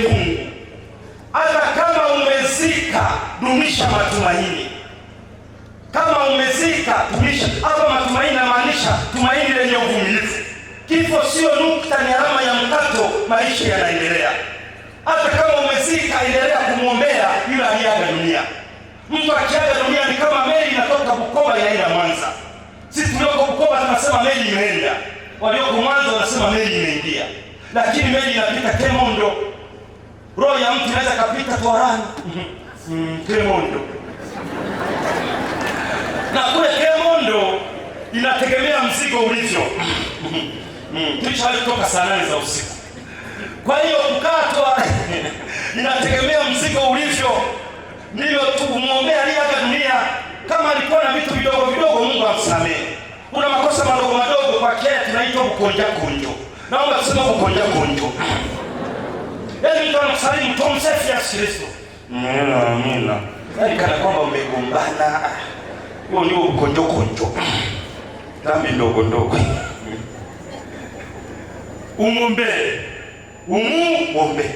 Mungu. Hata kama umezika, dumisha matumaini. Kama umezika, dumisha hapa matumaini. Namaanisha tumaini lenye uvumilivu. Kifo sio nukta, ni alama ya mkato, maisha yanaendelea. Hata kama umezika, endelea kumwombea yule aliaga dunia. Mtu akiaga dunia ni kama meli inatoka Bukoba inaenda Mwanza. Sisi tulioko Bukoba tunasema meli imeenda, walioko Mwanza wanasema meli imeingia, lakini meli inapita Kemondo roho ya mtu inaweza kapita toharani mm-hmm. mm, Kemondo na kule Kemondo inategemea mzigo ulivyo. Mm-hmm. Mm, tulishawahi kutoka saa nane za usiku, kwa hiyo kukatwa inategemea mzigo ulivyo. Ndivyo tumuombea aliaga dunia, kama alikuwa na vitu vidogo vidogo, Mungu amsamehe. Kuna makosa madogo madogo kwa kile tunaitwa kukonja kunjo. naomba tuseme kukonja kunjo. Mungu anakusalimu tumsifu Yesu Kristo. Amina, amina. Yaani kana kwamba mmegombana. Huo ndio mkonjo konjo. Dhambi ndogo ndogo. Umwombee. Umuombe.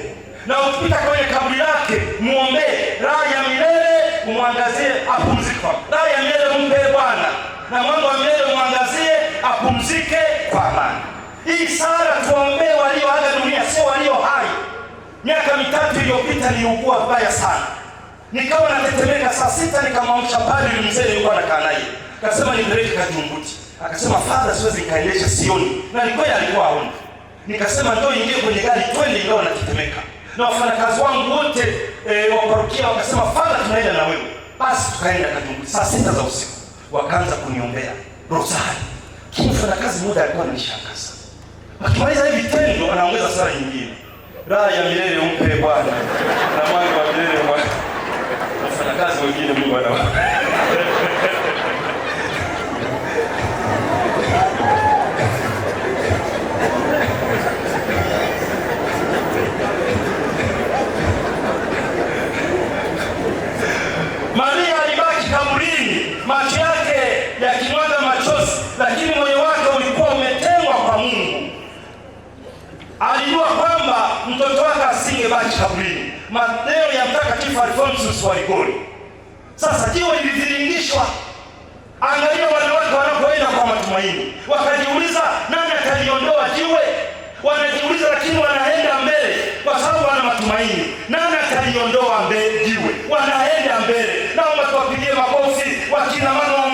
Na ukipita kwenye kaburi lake, muombee raha ya milele, umwangazie apumzike. Raha ya milele umpe Bwana. Na Mungu wa milele umwangazie apumzike kwa amani. Hii sala tuombee walioaga dunia, sio walio hai. Miaka mitatu iliyopita niliugua vibaya sana, nikawa natetemeka. Saa sita nikamwamsha padri mzee nilikuwa nakaa naye, akasema nipeleke Kajumbuti. Akasema fadha, siwezi nikaendesha, sioni. Na ni kweli alikuwa haoni. Nikasema ndio, ingie kwenye gari twende, ingawa natetemeka. Na wafanyakazi wangu wote e, wa parokia wakasema fadha, tunaenda na wewe. Basi tukaenda Kajumbuti saa sita za usiku, wakaanza kuniombea rosari. Mfanyakazi mmoja alikuwa ananishangaza, akimaliza hivi tendo anaongeza sala nyingine Raha ya milele umpe Bwana na mwanga wa milele casa Wafanyakazi wengine Mungu ana Maria alibaki kaburini macho iliyobaki kaburini, mateo ya mtakatifu Alfonsus wa Ligori. Sasa jiwe lilizilingishwa. Angalia wanawake wanapoenda kwa matumaini, wakajiuliza nani ataliondoa jiwe? Wanajiuliza lakini wanaenda mbele kwa sababu wana matumaini. Nani ataliondoa mbele jiwe? Wanaenda mbele, Naomba tuwapigie makofi, wakina mama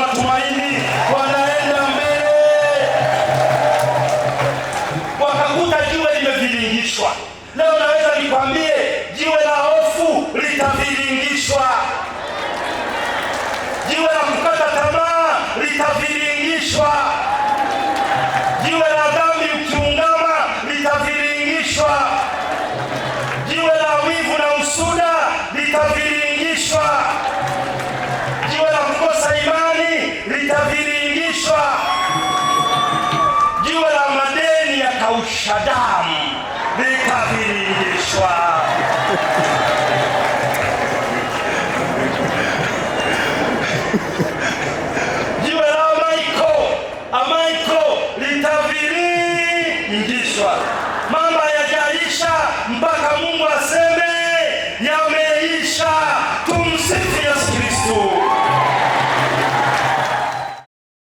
সাজা